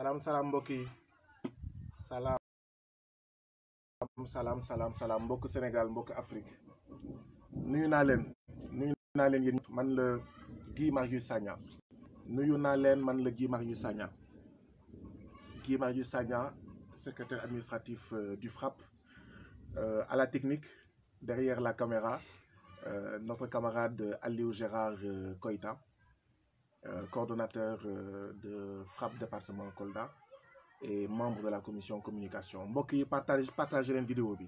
salaam salaam mbokk yi salaam salaam salaam salaam mbokk Sénégal mbokk Afrique nuyu naa leen man la Guy Marius Sagna nuyu naa leen man la Guy Marius saña Guy Marius Sagna secrétaire administratif euh, du FRAPP euh, à la technique derrière la caméra euh, notre camarade Aliou Gérard Koïta Euh, coordonateur euh, de FRAPP departement Kolda et membre de la commission communication mbokk yi partage partagé leen vidéo bi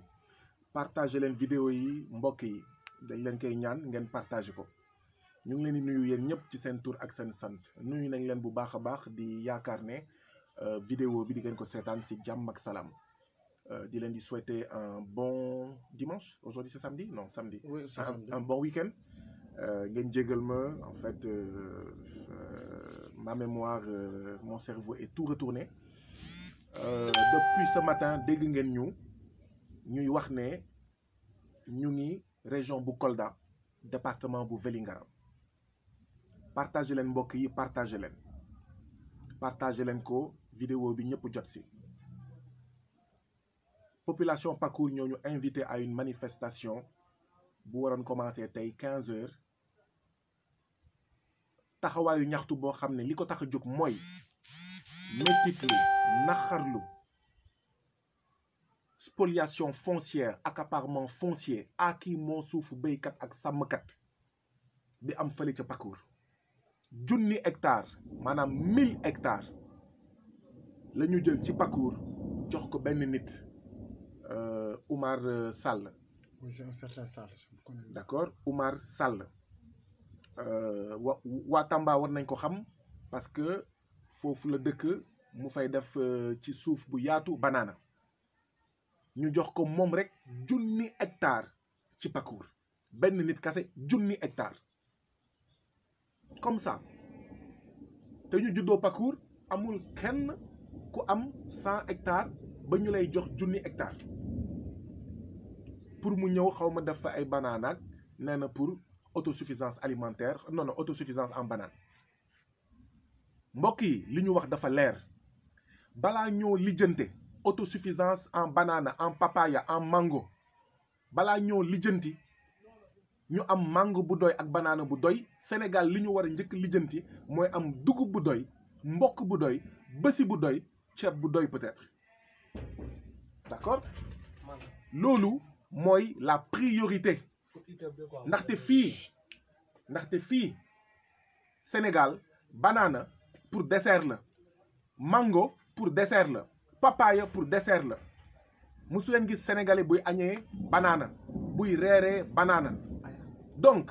partagé leen vidéo yi mbokk yi dañ leen koy ñaan ngeen partagé ko ñu ngi leen di nuyu yéen ñëpp ci seen tour ak seen sant nuyu nañ leen bu baax a baax di yaakaar ne euh, vidéo bi di ngeen ko seetaan ci jàmm ak salaam di leen di souhaiter un bon dimanche aujourd'hui c'est samedi non samedi un bon week Euh, ngeen jégal ma en fait euh, euh, ma mémoire mon cerveau est tout retourné depuis ce matin dégg ngeen ñu ñuy wax ne ñu ngi région bu Kolda département bu Vélingara partagé leen mbokk yi partagé leen partagé leen ko vidéo bi ñëpp jot si population Pacour ñoo ñu invité à une manifestation bu waroon commencer tey quinze heures taxawaayu ñaxtu boo xam ne li ko tax a jóg mooy métitlu naxarlu spoliation foncière accaparement foncier aki moo suufu béykat ak sàmmkat bi am fële ca parcours junni hectare maanaam mille hectares la jël ci parcours jox ko benn nit euh, Oumar Sall. oui c'est un certain Sall. d'accord Oumar Sall. Euh, wa waa Tamba war nañ ko xam parce que foofu la dëkk mu fay def euh, ci suuf bu yaatu banaana ñu jox ko moom rek junni hectare ci parcours benn nit kase junni hectare comme ça te ñu juddoo parcours amul kenn ku am cent hectares ba ñu lay jox junni hectare pour mu ñëw xaw ma def fa ay banaanaak nee na pour auto suffisance alimentaire non non autosuffisance en banane mbokk yi li ñu wax dafa leer balaa ñoo lijjante auto suffisance en banane en papaya en mango balaa ñoo lijjanti ñu am mango bu doy ak banaana bu doy Sénégal li ñu war a njëkk lijjanti mooy am dugub bu doy mbokk bu doy bësi bu doy ceeb bu doy peut loolu mooy la priorité ndaxte fii ndaxte fii Sénégal banaana pour dessert la màngo pour dessert la papaya pour dessert la mosu gis sénégalais buy añee banaana buy reere banaana donc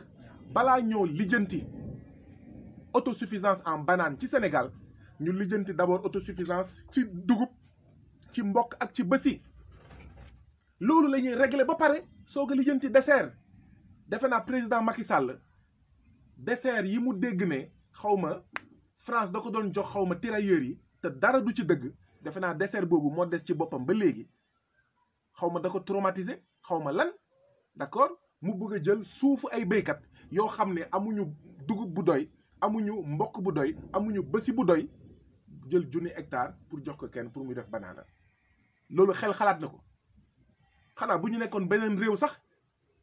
balaa ñëw lijjanti autosuffisance en banane ci Sénégal ñu lijjanti d'abord autosuffisance ci dugub ci mbokk ak ci bësi loolu lañuy ñuy ba pare soog a lijjanti dessert defe naa président Macky Sall dessert yi mu dégg ne xaw ma France da ko doon jox xaw ma tirailleurs yi te dara du ci dëgg defe naa dessert boobu moo des ci boppam ba léegi xaw ma da ko traumatisé xaw ma lan d'accord mu bëgg a jël suufu ay béykat yoo xam ne amuñu dugub bu doy amuñu mbokk bu doy amuñu bësi bu doy jël junni hectare pour jox ko kenn pour muy def banaana loolu xel xalaat na ko xanaa bu ñu nekkoon beneen réew sax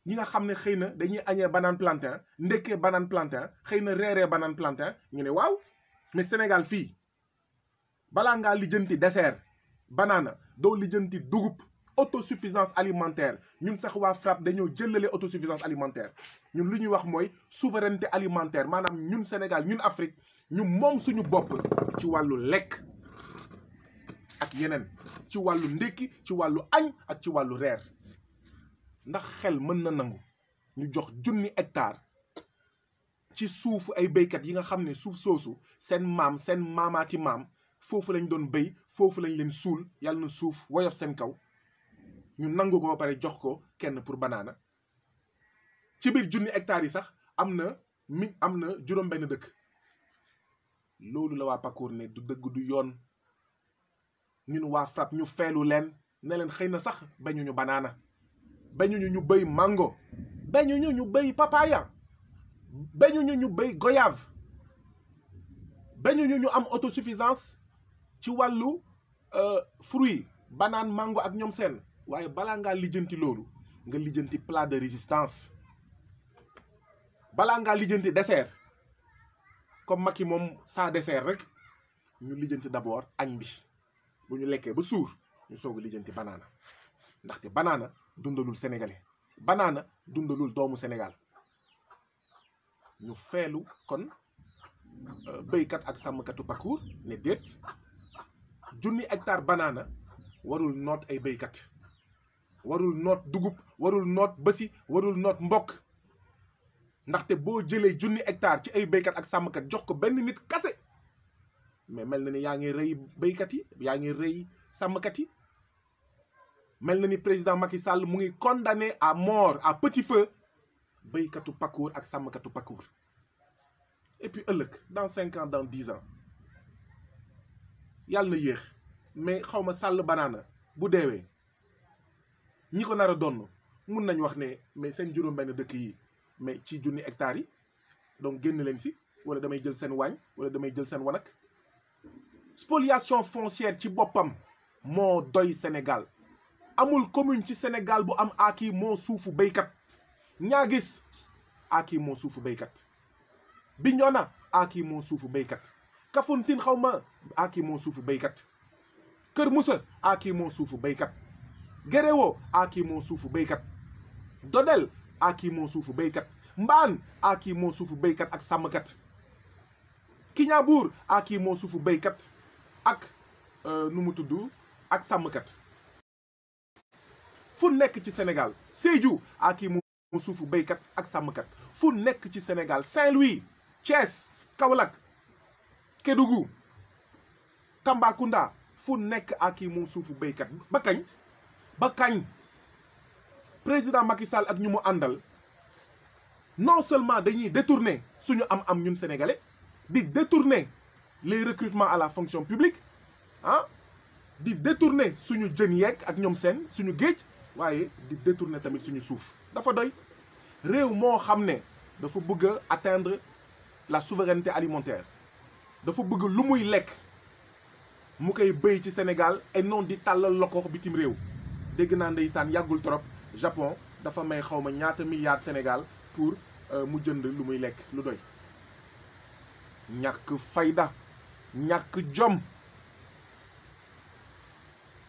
ñi nga xam ne xëy na dañuy añee banaan plantain ndekkee banaan plantain xëy na reeree banaan ñu ne waaw mais Sénégal fii balaa ngaa lijjanti dessert banaana doo lijjanti dugub autosuffisance alimentaire ñun sax waa FRAPP dañoo jëlale autosuffisance alimentaire ñun lu ñuy wax mooy souveraineté alimentaire maanaam ñun Sénégal ñun Afrique ñu moom suñu bopp ci wàllu lekk ak yeneen ci wàllu ndékki ci wàllu añ ak ci wàllu reer ndax xel mën na nangu ñu jox junni hectare ci suufu ay béykat yi nga xam ne suuf soosu seen maam seen maamaati maam foofu lañ doon béy foofu lañ leen suul yàlla na suuf woyof seen kaw ñu nangu ko ba pare jox ko kenn pour banaana ci biir junni hectares yi sax am na mi am na juróom-benn dëkk loolu la waa Pakour ne du dëgg du yoon ñun waa FRAPP ñu feelu leen ne leen xëy na sax bañu ñu banaana bañuñu ñu béy mango bañuñu ñu béy papaya bañuñu ñu béy goyave bañuñu ñu am autosuffisance ci wàllu euh, fruit banaan mango ak ñoom seen waaye balaa ngaa lijjanti loolu nga lijjanti plat de résistance balaa ngaa lijjanti dessert comme Macky moom sans dessert rek ñu lijjanti d'abord añ bi bu ñu lekkee ba suur ñu soog a lijjanti banaana ndaxte banaana dundalul sénégalais banaana dundalul doomu Sénégal ñu feelu kon euh, béykat ak sàmmkatu parcours ne déet junni hectare banaana warul noot ay béykat warul noot dugub warul noot bësi warul noot mbokk ndaxte boo jëlee junni hectare ci ay béykat ak sàmmkat jox ko benn nit kase mais mel na ni yaa ngi rëy béykat yi yaa ngi rëy sàmmkat yi mel na ni président Macky sàll mu ngi condamné à mort à petit feu béykatu Pakour ak sàmmkatu Pakour et puis ëllëg dans cinq ans dans dix ans yàlla na yéex mais xaw ma Sall banaana bu deewee ñi ko nara a donn mun nañ wax ne mais seen juróom-benn dëkk yi mais ci junni hectares yi donc génn leen si wala damay jël seen waañ wala damay jël seen wanak spoliation foncière ci boppam moo doy Sénégal amul commune ci senegal bu am akii moo suufu béykat ñaa gis aki moo suufu béykat Bignona aki moo suufu béykat Kafountine xaw ma aki moo suufu béykat Kër Moussa aki moo suufu béykat Guéréo aki moo suufu béykat Dodel aki moo suufu béykat Mbaan aki moo suufu béykat ak sàmmkat Kignaabour akii moo suufu béykat ak euh, nu mu tudd ak sàmmkat fu nekk ci Sénégal Sédhiou aki i suufu béykat ak sàmmkat fu nekk ci Sénégal Saint-Louis Thiès Kaolack Kédougou Tambacounda fu nekk ak i mu suufu béykat ba kañ ba kañ président Macky Sall ak ñu mu àndal non seulement dañuy détourner suñu am-am ñun sénégalais di détourner les recrutements à la fonction publique ah di détourner suñu jën yeeg ak ñoom seen suñu géej waaye di détourner tamit suñu suuf dafa doy réew moo xam ne dafa bëgg a atteindre la souveraineté alimentaire dafa bëgg lu muy lekk mu koy béy ci senegal ay non di tàllal loxo bitim réew dégg naa ndeysaan yàggul trop Japon dafa may xaw ma ñaata milliards Sénégal pour euh, mu jënd lu muy lekk lu doy ñàkk fayda ñàkk jom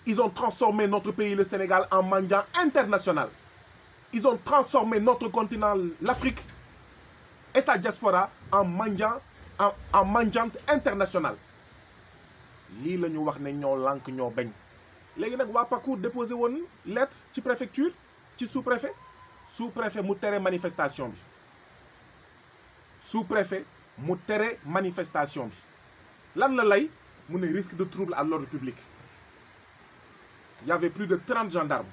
Ils ont transformé notre pays, le Sénégal, en mendiant international. Ils ont transformé notre continent, l'Afrique, et sa diaspora en mendiant, en, en international internationale. lii la ñu wax ne ñoo lànk ñoo bañ léegi nag waa PACU déposé woon lettre ci préfecture ci sous-préfet sous-préfet mu tere manifestation bi sous-préfet mu tere manifestation bi lan la lay mu ne risque de trouble à l'ordre publique y avait plus de trente gendarmes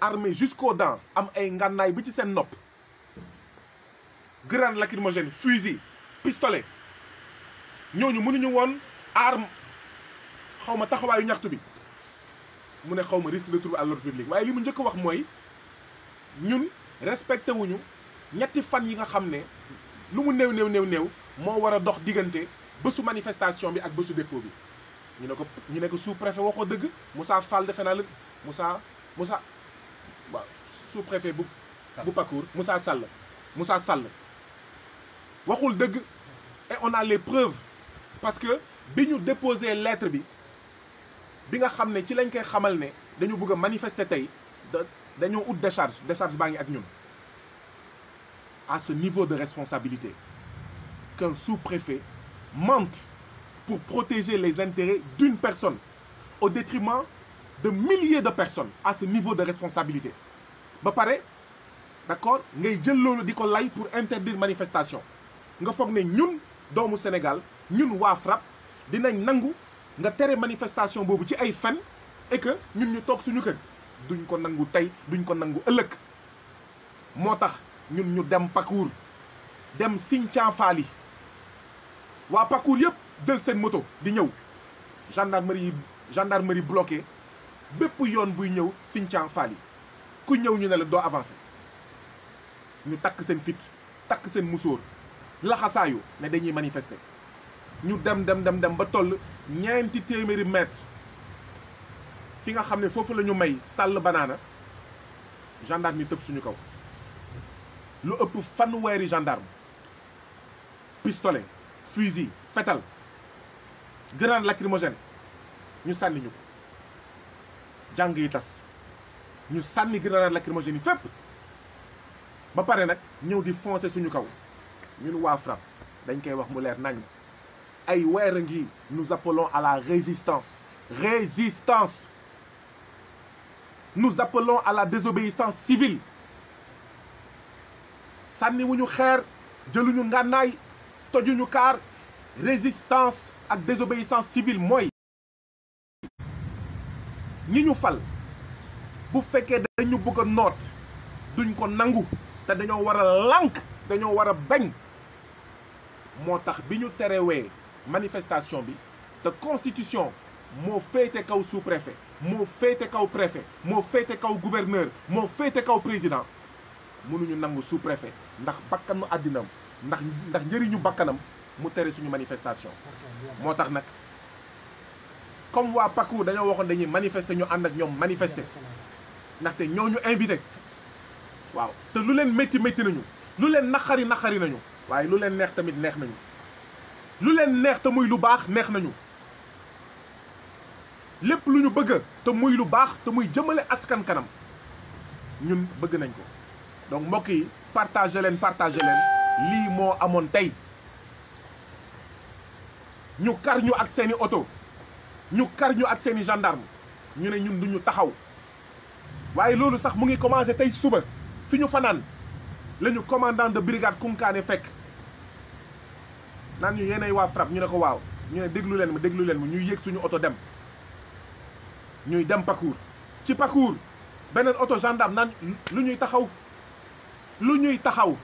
armés jusqu'aux dents am ay ngànnaay bi ci seen nopp grenade lacrymogène fusil pistolet ñooñu mënuñu woon arme xaw ma taxawaayu ñaxtu bi mu ne xaw ma risque de trouble à l'ordre public waaye li mu njëkk wax mooy ñun respecté wuñu ñetti fan yi nga xam ne lu mu néew néew néew néew moo war a dox diggante bésu manifestation bi ak bësu dépôt bi ñu ne ko ñu ne ko sous préfet waxoo dëgg Moussa Fall defe naa la Moussa Moussa waaw sous préfet bu bu Pakour Moussa Sall Moussa Sall waxul dëgg et on a les parce que bi ñu déposé lettre bi bi nga xam ne ci lañ koy xamal ne dañu bëgg a manifester tey da dañoo ut décharge décharge baa ngi ak ñun à ce niveau de responsabilité qu'un sous-préfet mente pour protéger les intérêts d'une personne au détriment de milliers de personnes à ce niveau de responsabilité ba pare d'accord ngay jël loolu di ko lay pour interdire manifestation nga foog ne ñun doomu Sénégal ñun waa FRAPP dinañ nangu nga tere manifestation boobu ci ay fen et ñun ñu toog suñu kër duñ ko nangu tey duñ ko nangu ëllëg moo tax ñun ñu dem Pakour dem Sinthian Fally waa Pakour yëpp jël seen moto di ñëw gendarmerie gendarmerie bloqué bépp yoon buy ñëw Sinthiang Fall ku ñëw ñu ne la doo avancé ñu takk seen fit takk seen musóor laxasaayu ne dañuy manifester ñu dem dem dem dem ba toll ñeenti téeméeri mètre fi nga xam ne foofu la ñu may sàll banaana gendarme yi tëb suñu kaw lu ëpp fanweeri gendarme pistolet fusil fetal grenade lacrymogène ñu sànni ñu jàng yi tas ñu sànni grenade lacrymogène yi fépp ba pare nag ñëw di foncer suñu kaw ñun waa FRAPP dañ koy wax mu leer nañ ay weer a ngi nous appelons à la résistance résistance nu appelons à la désobéissance civile sànniwuñu xeer jëluñu ngànnaay tojuñu kaar résistance ak désobéissance civile mooy ñi ñu fal bu fekkee dañu bëgg a noot duñ ko nangu te dañoo war a lànk dañoo war a bañ moo tax bi ñu terewee manifestation bi te constitution moo féete kaw sous-préfet moo féete kaw préfet moo féete kaw gouverneur moo féete kaw président mënuñu nangu sous-préfet ndax bakkanu àddinam ndax ndax njëriñu bakkanam mu tere suñu manifestation moo tax nag comme waa PACU dañoo waxoon dañuy manifester ñu ànd ak ñoom manifester ndaxte ñoo ñu invité waaw te lu leen métti métti nañu lu leen naqari naqari nañu waaye lu leen neex tamit neex nañu lu leen neex te muy lu baax neex nañu lépp lu ñu bëgg te muy lu baax te muy jëmale askan kanam ñun bëgg nañ ko donc mbokk yi partagé leen partagé leen lii moo amoon tey ñu kar ñu ak seeni oto ñu kar ñu ak seeni gendarme ñu ne ñun duñu taxaw waaye loolu sax mu ngi commencé tey suba fi ñu fanaan lañu ñu commandant de kunkaane fekk naan ñu yéenay waa FRAPP ñu ne ko waaw ñu ne déglu leen ma déglu leen ma ñuy yéeg suñu oto dem ñuy dem parcours ci parcours beneen oto gendarme naan lu ñuy taxaw lu ñuy taxaw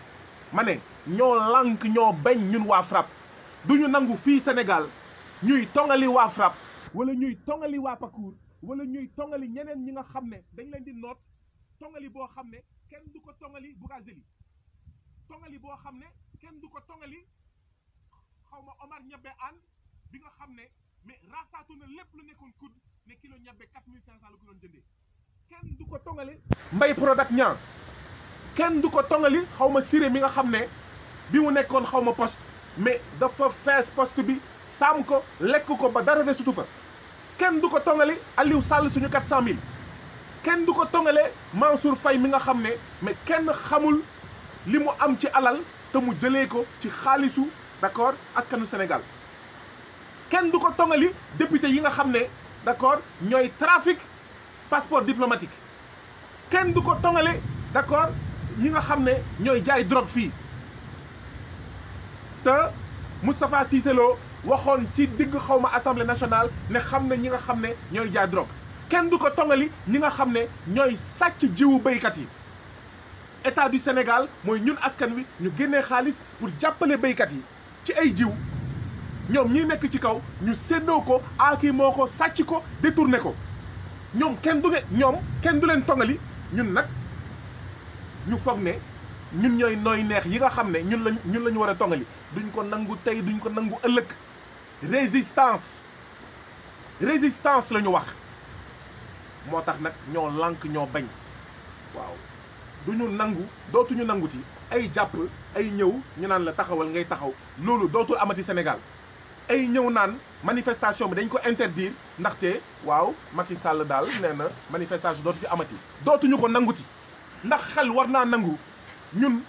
ma ne ñoo lànk ñoo bañ ñun waa FRAPP du ñu nangu fii Sénégal ñuy tongali waa FRAPP wala ñuy tongali waa PACUR wala ñuy tongali ñeneen ñi nga xam ne dañ leen di noot tongali boo xam ne kenn du ko tongali Bougazelli tongali boo xam ne kenn du ko tongali xaw ma Omar Ñebbe Anne bi nga xam ne mais raasaatu na lépp lu nekkoon kudd ne kilo ñebbe quatre cinq cent la ko doon du ko tongali mbay Prodac ñaa kenn du ko tongali xaw ma Siré mi nga xam ne bi mu nekkoon xaw ma poste mais dafa fees poste bi sàmm ko lekk ko ba dara desutu fa kenn du ko tongale Aliou Sall suñu 400000 kenn du ko tongale Mansour fay mi nga xam ne mais kenn xamul li mu am ci alal te mu jëlee ko ci xaalisu d'accord askanu Sénégal kenn du ko tongali député yi nga xam ne d'accord ñooy trafic passeport diplomatique kenn du ko tongale d'accord ñi nga xam ne ñooy jaay drogue fii te Moustapha Cissé waxoon ci digg xaw ma assemblée nationale ne xam na ñi nga xam ne ñooy jaay drogue kenn du ko tongali ñi nga xam ne ñooy sàcc jiwu baykat yi état du Sénégal mooy ñun askan wi ñu génnee xaalis pour jàppale baykat yi ci ay jiw ñoom ñi nekk ci kaw ñu séddoo ko aaki moo ko sàcc ko détourné ko ñoom kenn du ñoom kenn du leen tongali ñun nag ñu foog ne ñun ñooy nooy neex yi nga xam ne ñun lañ ñun la ñu war a tongali duñu ko nangu tey duñ ko nangu ëllëg résistance résistance la ñu wax moo tax nag ñoo lànk ñoo bañ waaw du ñu nangu dootuñu nanguti ay jàpp ay ñëw ñu naan la taxawal ngay taxaw loolu dootul amati Sénégal ay ñëw naan manifestation bi dañ ko interdire ndaxte waaw Macky Sall daal nee na manifestation dootu fi amati dootuñu ko nanguti ndax xel war naa nangu ñun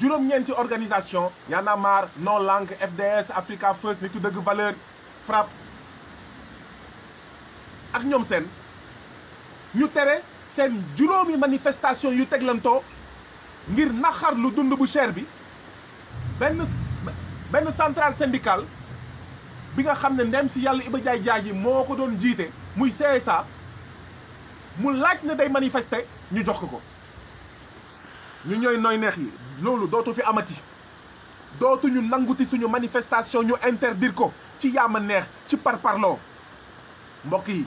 juróom-ñeenti organisation Y'en a marre Non Langue FDS Africa First nitu dëgg valeur FRAPP ak ñoom seen ñu tere seen juróomi manifestation yu teglantoo ngir naxar lu dund bu cher bi benn benn centrale bi nga xam ne ndem si yàlla Iba Jaay Jaay yi moo ko doon jiite muy CSA mu laaj na day manifester ñu jox ko ko ñu ñooy nooy neex yi loolu dootu fi amati dootuñu nanguti suñu manifestation ñu interdire ko ci yaama neex ci par parparloo mbokk yi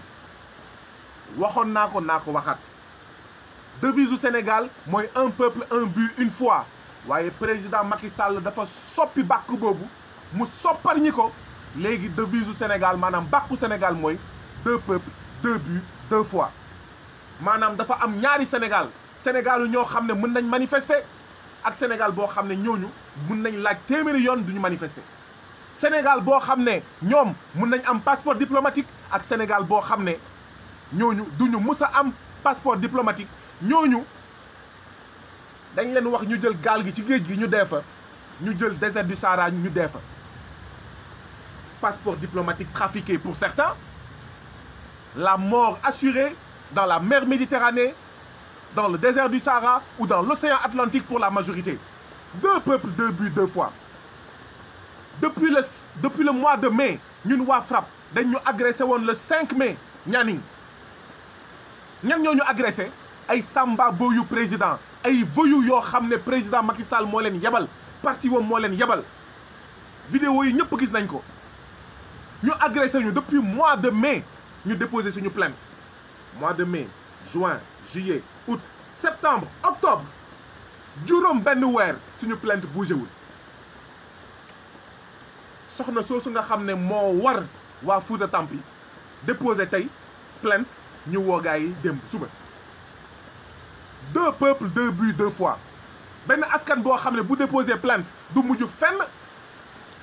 waxoon naa ko naa ko waxaat devise du Sénégal mooy un peuple un but une fois waaye président Macky Sall dafa soppi bàkk boobu mu soppar ñi ko léegi devise du Sénégal maanaam bàkku Sénégal mooy deux peuples deux buts deux fois maanaam dafa am ñaari Sénégal Sénégal ñoo xam ne mën nañ manifester ak Sénégal boo xam ne ñooñu mën nañ laaj téeméeri yoon duñu manifester. Sénégal boo xam ne ñoom mën nañ am passeport diplomatique ak Sénégal boo xam ne ñooñu duñu mus a am passeport diplomatique ñooñu dañ leen wax ñu jël gaal gi ci géej gi ñu deefar ñu jël désert du Sahara ñu dee fa passeport diplomatique trafiqué pour certains la mort assurée dans la mer Méditerranée dans le désert du Sahara ou dans l'océan Atlantique pour la majorité. Deux peuples, deux buts, deux fois. Depuis le, depuis le mois de mais ñun waa FRAPP dañ ñu agressé woon le 5 mai ñani ñan ñooñu ñu ay samba boyu président ay voyous yoo xam ne président Macky Sall moo leen yebal parti woom moo leen yebal vidéo yi ñëpp gis nañ ko ñu agressé ñu depuis mois de mais ñu déposé suñu plainte mois de mais juin juillet août septembre octobre juróom weer suñu plainte bougé wul soxna soosu nga xam ne moo war waa Fouta Tampi déposé tey plainte ñu woogaa yi démb suba deux peuples deux buts deux fois benn askan boo xam ne bu déposé plainte du mujj fenn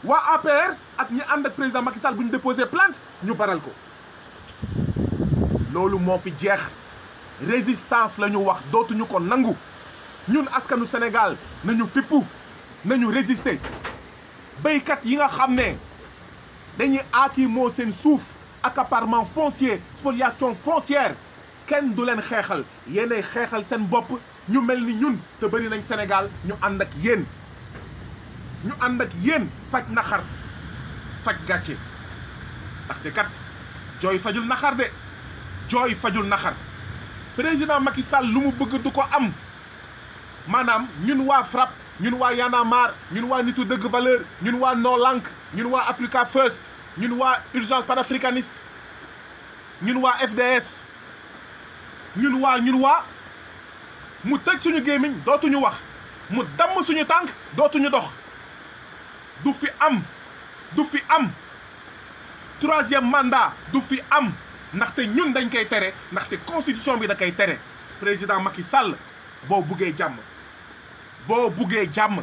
waa APR ak ñu ànd ak président Macky Sall déposé plainte ñu baral ko loolu moo fi jeex résistance la ñu wax dootuñu ko nangu ñun askanu Sénégal nañu fippu nañu résister béykat yi nga xam ne dañuy aaki moo seen suuf accaparement foncier spoliation foncière kenn du leen xeexal yéenay xeexal seen bopp ñu mel ni ñun te bëri nañ Sénégal ñu ànd ak ñu ànd ak yéen faj naxar faj gàcce ndaxte kat jooy fajul naxar de jooy fajul naxar président Macky Sall lu mu bëgg du ko am maanaam ñun waa FRAPP ñun waa Y en a ñun waa nitu dëgg valeur ñun waa No Lank ñun waa Africa First ñun waa urgence panafricaniste ñun waa FDS ñun waa ñun waa mu tëj suñu gémmiñ dootuñu wax mu damm suñu tànk dootuñu dox du fi am du fi am troisième manda du fi am ndaxte ñun dañ koy tere ndaxte constitution bi da koy tere président Macky Sall boo buggee jàmm boo buggee jàmm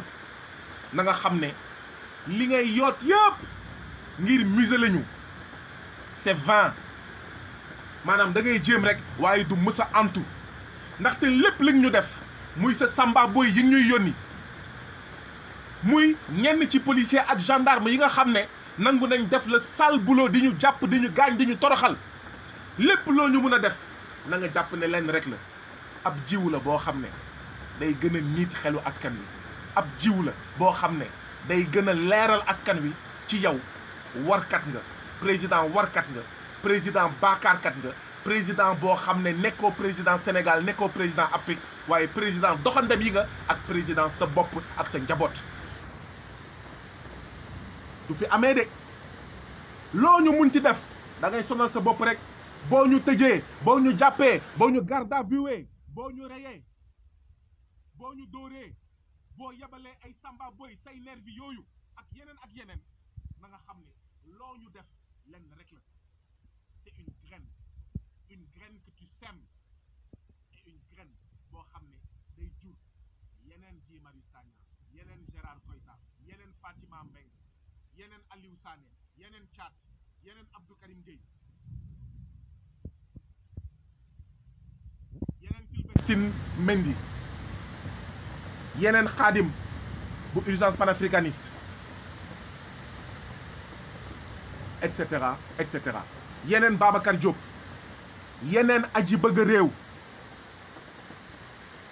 nanga xam ne li ngay yoot yëpp ngir museler lañu c'est vain maanaam dangay jéem rek waaye du mës a antu ndaxte lépp li ñu def muy sa samba boy yi ñuy yónni muy ñenn ci policier ak gendarme yi nga xam ne nangu nañ def la sale boulot di ñu jàpp di ñu gaañ di ñu toroxal lépp loo ñu mën a def na nga jàpp ne lenn rek la ab jiw la boo xam ne day gën a niit xelu askan wi ab jiw la boo xam ne day gën a leeral askan wi ci yow warkat nga président warkat nga président baakaarkat nga président boo xam ne nekkoo président Sénégal nekkoo président Afrique waaye président doxandam yi nga ak président sa bopp ak sa njaboot du fi amee de loo ñu mun ci def da ngay sonal sa bopp rek boo ñu tëjee boo ñu jàppee boo ñu garde à vue boo ñu reyee boo ñu dóoree boo yebalee ay samba boy say nervi yooyu ak yeneen ak yeneen na nga xam ne loo ñu def lenn rek la c'est une graine une graine que tu sèmes et une graine boo xam ne day jur yeneen Guy Marius Sagna yeneen Gérard Koita yeneen Fatima Mbengue yeneen Aliou Sané yeneen chat yeneen Abdou Karim Gueye Sine Mendy yeneen xaadim bu urgence panafricaniste et cetera et cetera yeneen Babacar jóg yeneen aji bëgg réew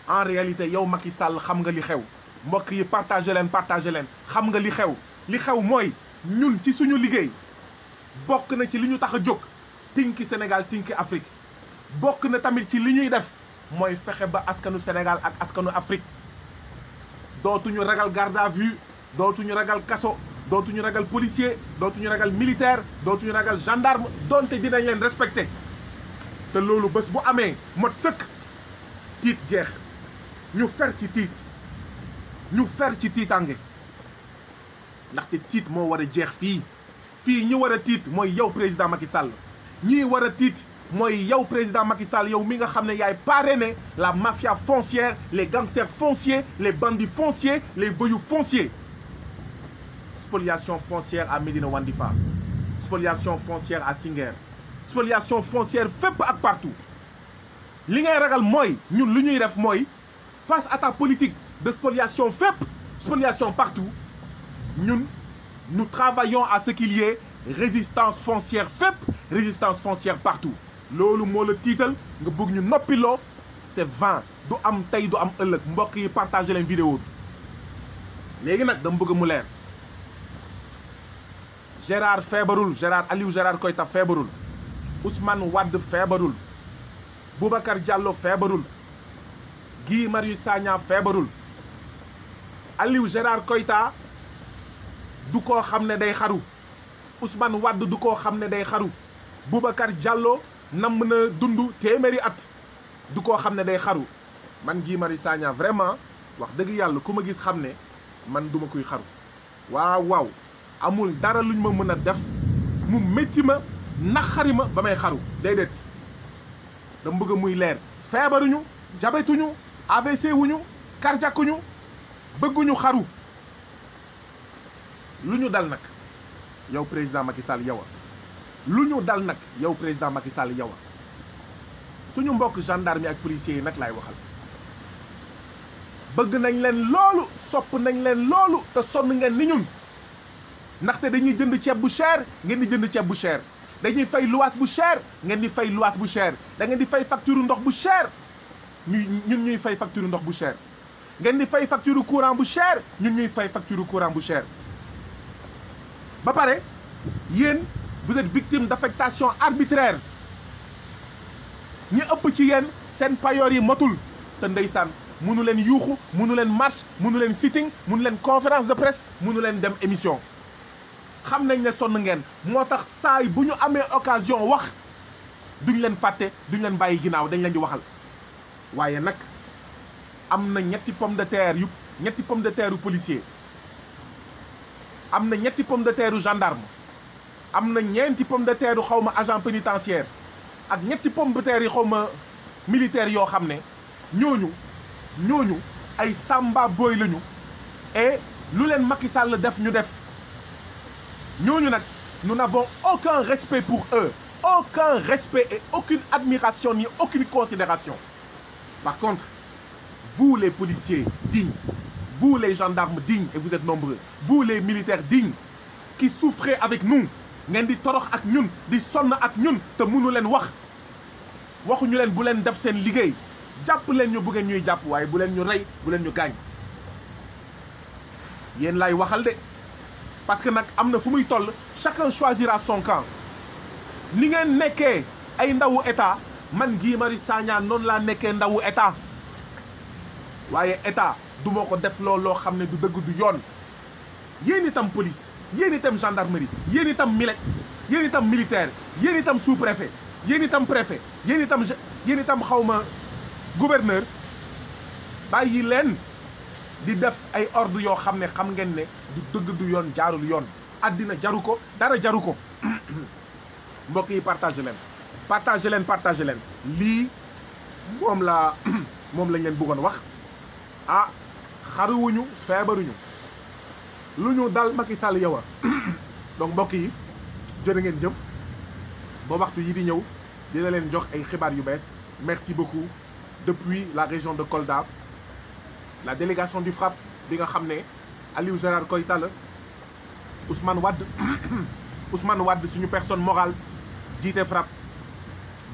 en réalité yow mag yi sàll xam nga li xew mbokk yi partagé leen partagé leen xam nga li xew li xew mooy ñun ci suñu liggéey bokk na ci li ñu tax a jóg tinki Sénégal tinki Afrique bokk na tamit ci li ñuy def mooy fexe ba askanu Sénégal ak askanu Afrique dootuñu ragal garde à vue dootuñu ragal kaso dootuñu ragal policier dootuñu ragal militaire dootuñu ragal gendarme donte dinañ leen respecté te loolu bés bu amee mot sëkk tiit jeex ñu fer ci tiit ñu fer ci tiitange ndaxte tiit moo war a jeex fii fii ñu war a tiit mooy yow président Macky Sall ñii war a tiit mooy yow président Macky Sall yow mi nga xam ne yaay parrainé la mafia foncière les gangsters fonciers les bandits fonciers les voyous fonciers spoliation foncière à Médina Wandifa spoliation foncière à Singer spoliation foncière fépp ak partout li ngay ragal mooy ñun lu ñuy def mooy face à ta politique de spoliation fépp spoliation partout ñun nous travaillons à ce qu'il y ait résistance foncière fépp résistance foncière partout loolu moo la tiital nga bëgg ñu noppiloo c'est vain du am tey du am ëllëg mbokk yi partagé leen vidéo bi léegi nag dama bëgg mu leer Gérard feebarul Gérard Aliou Gérard Koita feebarul Ousmane Wade feebarul Boubacar jàlloo feebarul Guy Marius Sagna feebarul Aliou Gérard koyta du ko xam ne day xaru Ousmane Wade du koo xam ne day xaru bubakar jàlloo namm na dund téeméeri at du koo xam ne day xaru man Guy Marius Sagna vraiment wax dëgg yàlla ku ma gis xam ne man duma kuy xaru waaw waaw amul dara luñ ma mën a def mu metti ma naxari ma ba may xaru déedéet dama bëgg muy leer feebaruñu jabetuñu AVC wuñu bëgguñu xaru lu ñu dal nag yow président Macky Sall yow lu ñu dal nag yow président Macky Sall yow suñu mbokk gendarme ak policiers yi nag laay waxal bëgg nañ leen loolu sopp nañ leen loolu te sonn ngeen ni ñun ndaxte dañuy jënd ceeb bu cher ngeen di jënd ceeb bu cher dañuy fay luwaas bu cher ngeen di fay luwaas bu cher da ngeen di fay facture ndox bu cher ñu ñuy fay facture ndox bu cher ngeen di fay facture courant bu cher ñun ñuy fay facture courant bu cher ba pare yéen vous êtes victime d'affectation arbitraire ñu ëpp ci yéen seen payoor yi matul te ndeysaan mënu leen yuuxu mënu leen marche mënu leen sitting mënu leen conférence de presse mënu leen dem émission xam nañ ne sonn ngeen moo tax saay bu ñu amee occasion wax duñ leen fàtte duñ leen bàyyi ginnaaw dañ leen di waxal waaye nag am na ñetti pomme de terre ñetti pomme de terre policier am na ñetti pomme de terre yu gendarme am na ñeenti pomme de terre yu xaw ma agent pénitentiaire ak ñetti pomme de terre yi xaw ma militaire yoo xam ne ñooñu ñooñu ay samba boy lañu et lu leen Macky Sall def ñu def ñooñu nag nous n'avons aucun respect pour eux aucun respect et aucune admiration ni aucune considération par contre vous les policiers dignes vous les gendarmes dignes et vous êtes nombreux vous les militaires dignes qui souffrez avec nous ngeen di torox ak ñun di sonn ak ñun te mënu leen wax waxuñu leen bu leen def seen liggéey jàpp leen ñu bu ngeen ñuy jàpp waaye bu leen ñu rey bu leen ñu gaañ yéen laay waxal de parce que nag am na fu muy toll chacun choisira son camp ni ngeen nekkee ay ndawu état man gii mari Sagna noonu laa nekkee ndawu état waaye état du ko def loo loo xam ne du dëgg du yoon yéen itam police yéen itam gendarmerie yéen itam milet yéen itam militaire yéen itam sous préfet yéen itam préfet yéen itam yéen itam xawma gouverneur bàyyi leen di def ay ord yoo xam ne xam ngeen ne du dëgg du yoon jaarul yoon àddina jaru ko dara jaru ko mbokk yi partagé leen partagé leen partagé leen lii moom la moom lañ leen bëggoon wax ah xaruwuñu feebaruñu lu ñu dal Macky Sall yow a mbokk yi jër ngeen jëf ba waxtu yi di ñëw dina leen jox ay xibaar yu bees merci beaucoup depuis la région de Kolda la délégation di FRAPP bi nga xam ne Aliou Gérard koy la Ousmane Wade Ousmane Wade suñu personne morale jiite FRAPP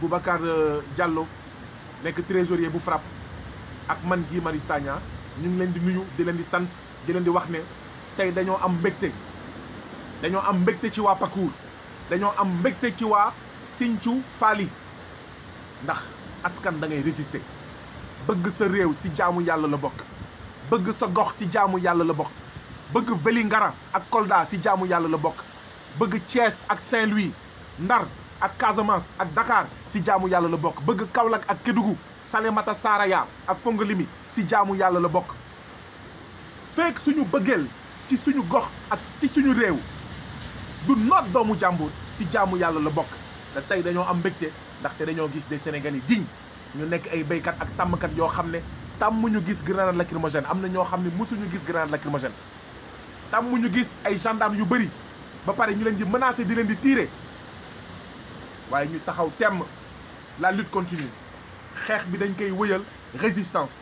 Boubacar euh, Diallo nekk trésorier bu FRAPP ak man gii Mari Sagna ñu leen di nuyu di leen di sant di leen di wax ne tey dañoo am mbégte dañoo am mbégte ci waa Pakour dañoo am mbégte ci waa Sinthiou Faly ndax askan da ngay résister bëgg sa réew si jaamu yàlla la bokk bëgg sa gox si jaamu yàlla la bokk bëgg Vélingara ak Kolda si jaamu yàlla la bokk bëgg Thiès ak Saint-Louis Ndar ak Casamance ak Dakar si jaamu yàlla la bokk bëgg Kaolack ak Kédougou Salémata Saraya ak Fongolimi si jaamu yàlla la bokk fekk suñu bëggeel ci suñu gox ak ci suñu réew du noot doomu jàmbur si jaamu yàlla la bokk te tey dañoo am mbégte ndaxte dañoo gis des sénégalais dignes ñu nekk ay béykat ak sàmmkat yoo xam ne tàmm ñu gis grenade lacrymogène am na ñoo xam ne mosuñu gis grenade lacrymogène tàmm ñu gis ay gendarme yu bëri ba pare ñu leen di menacer di leen di tiire waaye ñu taxaw temm la lutte continue xeex bi dañ koy wëyal résistance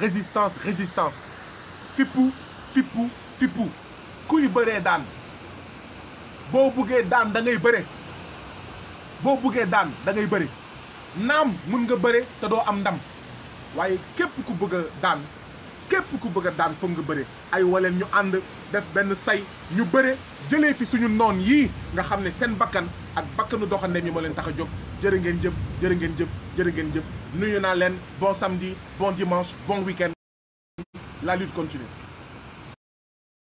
résistance résistance fippu fippu fippu kuy bëree daan boo buggee daan dangay ngay bëre boo buggee daan da ngay bëre naam mun nga bëre te doo am ndam waaye képp ku bëgg a daan képp ku bëgg a daan foog nga bëre ay waleen ñu ànd def benn say ñu bëre jëlee fi suñu noon yii nga xam ne seen bakkan ak bakkanu doxandeem yi ma leen tax a jóg jërë ngeen jëf jërë ngeen jëf jërë ngeen jëf nuyu naa leen bon samedi bon dimanche bon week-end la